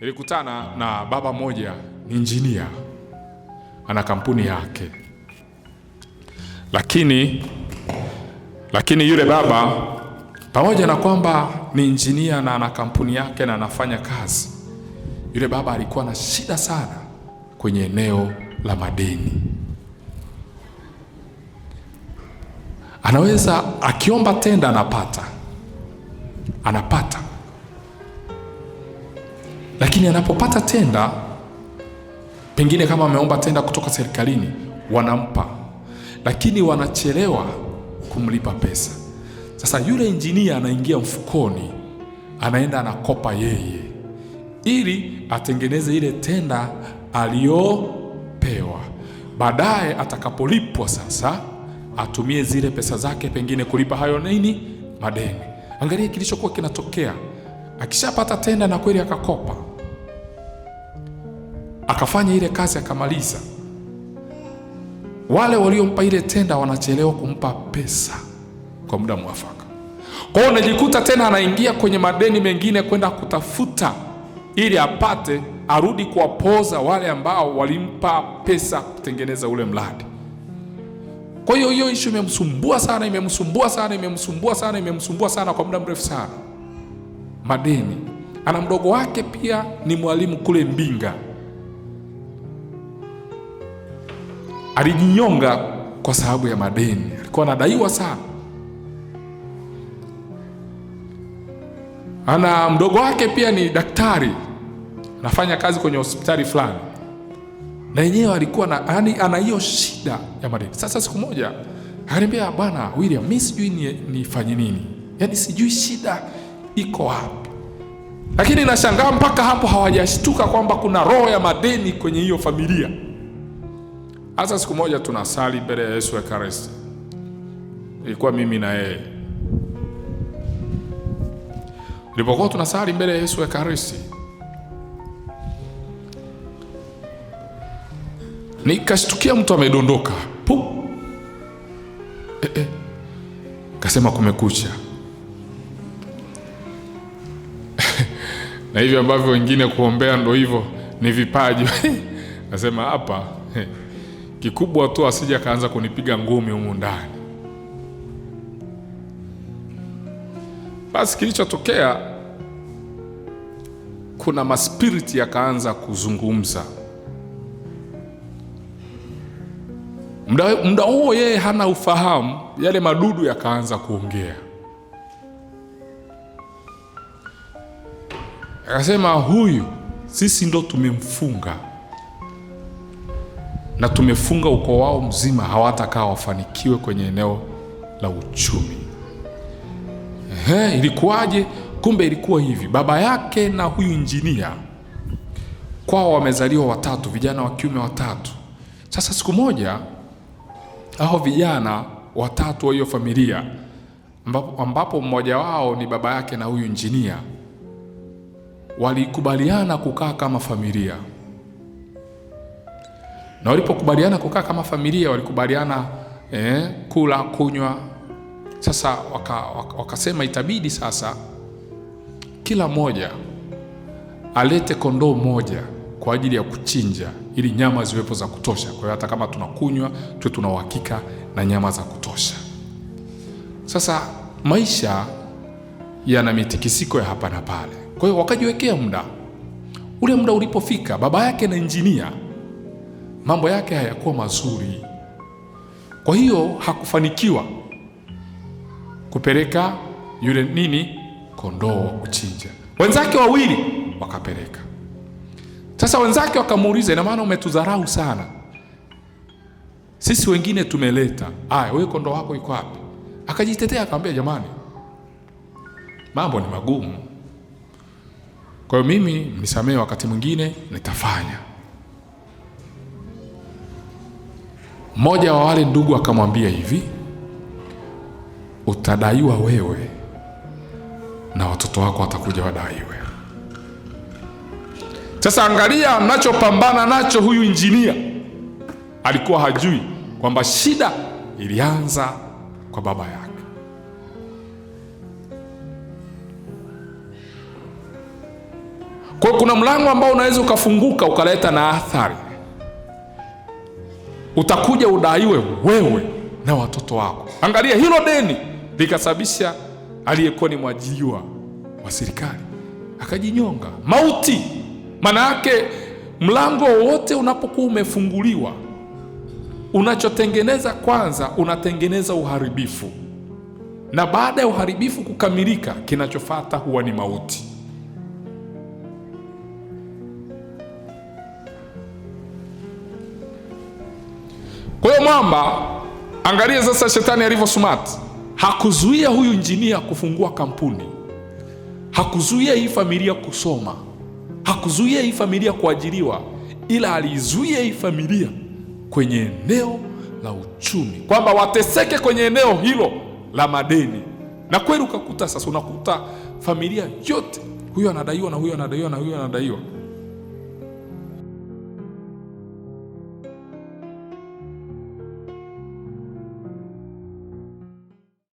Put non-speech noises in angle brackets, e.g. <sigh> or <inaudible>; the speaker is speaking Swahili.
Nilikutana na baba mmoja ni injinia, ana kampuni yake, lakini lakini yule baba pamoja na kwamba ni injinia na ana kampuni yake na anafanya kazi, yule baba alikuwa na shida sana kwenye eneo la madeni. Anaweza akiomba tenda, anapata anapata lakini anapopata tenda, pengine kama ameomba tenda kutoka serikalini, wanampa, lakini wanachelewa kumlipa pesa. Sasa yule injinia anaingia mfukoni, anaenda anakopa yeye, ili atengeneze ile tenda aliyopewa. Baadaye atakapolipwa sasa, atumie zile pesa zake pengine kulipa hayo nini, madeni. Angalia kilichokuwa kinatokea akishapata tenda na kweli akakopa akafanya ile kazi akamaliza. Wale waliompa ile tenda wanachelewa kumpa pesa kwa muda mwafaka. Kwa hiyo unajikuta tena anaingia kwenye madeni mengine kwenda kutafuta ili apate arudi kuwapoza wale ambao walimpa pesa kutengeneza ule mradi. Kwa hiyo hiyo ishu imemsumbua sana, imemsumbua sana, imemsumbua sana, imemsumbua sana kwa muda mrefu sana. Madeni. Ana mdogo wake pia ni mwalimu kule Mbinga. alijinyonga kwa sababu ya madeni, alikuwa anadaiwa sana. Ana mdogo wake pia ni daktari, anafanya kazi kwenye hospitali fulani, na yenyewe alikuwa na yani, ana hiyo shida ya madeni. Sasa siku moja akaniambia, bwana William, mi sijui nifanye ni nini, yani sijui shida iko wapi. Lakini nashangaa mpaka hapo hawajashtuka kwamba kuna roho ya madeni kwenye hiyo familia. Hasa siku moja tunasali mbele ya Yesu Ekaristi, ilikuwa mimi na yeye. Nilipokuwa tunasali mbele ya Yesu Ekaristi, nikashtukia mtu amedondoka pu eh, eh. Kasema kumekucha <laughs> na hivyo ambavyo wengine kuombea ndo hivyo ni vipaji. <laughs> Nasema hapa <laughs> Kikubwa tu asije akaanza kunipiga ngumi humu ndani. Basi kilichotokea, kuna maspiriti yakaanza kuzungumza. Muda huo yeye hana ufahamu, yale madudu yakaanza kuongea, akasema, huyu sisi ndo tumemfunga na tumefunga ukoo wao mzima, hawatakaa wafanikiwe kwenye eneo la uchumi. Ehe, ilikuwaje? Kumbe ilikuwa hivi, baba yake na huyu injinia kwao wamezaliwa watatu, vijana wa kiume watatu. Sasa siku moja hao vijana watatu wa hiyo familia ambapo, ambapo mmoja wao ni baba yake na huyu injinia walikubaliana kukaa kama familia na walipokubaliana kukaa kama familia walikubaliana eh, kula kunywa. Sasa wakasema waka itabidi sasa kila mmoja alete kondoo moja kwa ajili ya kuchinja, ili nyama ziwepo za kutosha. Kwa hiyo hata kama tunakunywa tuwe tuna uhakika na nyama za kutosha. Sasa maisha yana mitikisiko ya hapa na pale, kwa hiyo wakajiwekea muda. Ule muda ulipofika, baba yake na injinia mambo yake hayakuwa mazuri, kwa hiyo hakufanikiwa kupeleka yule nini kondoo wa kuchinja. Wenzake wawili wakapeleka. Sasa wenzake wakamuuliza, ina maana umetudharau sana sisi, wengine tumeleta. Aya, wewe kondoo wako iko wapi? Akajitetea akamwambia, jamani, mambo ni magumu, kwa hiyo mimi mnisamehe, wakati mwingine nitafanya Mmoja wa wale ndugu akamwambia hivi, utadaiwa wewe na watoto wako watakuja wadaiwe. Sasa angalia mnachopambana nacho. Huyu injinia alikuwa hajui kwamba shida ilianza kwa baba yake. Kwa kuna mlango ambao unaweza ukafunguka ukaleta na athari utakuja udaiwe wewe na watoto wako. Angalia hilo deni likasababisha aliyekuwa ni mwajiriwa wa serikali akajinyonga mauti. Maana yake mlango wowote unapokuwa umefunguliwa, unachotengeneza kwanza, unatengeneza uharibifu, na baada ya uharibifu kukamilika, kinachofata huwa ni mauti. Kwa hiyo mwamba, angalia sasa shetani alivyo smart. Hakuzuia huyu injinia kufungua kampuni, hakuzuia hii familia kusoma, hakuzuia hii familia kuajiriwa, ila alizuia hii familia kwenye eneo la uchumi, kwamba wateseke kwenye eneo hilo la madeni. Na kweli ukakuta sasa, unakuta familia yote, huyo anadaiwa na huyo anadaiwa na huyo anadaiwa.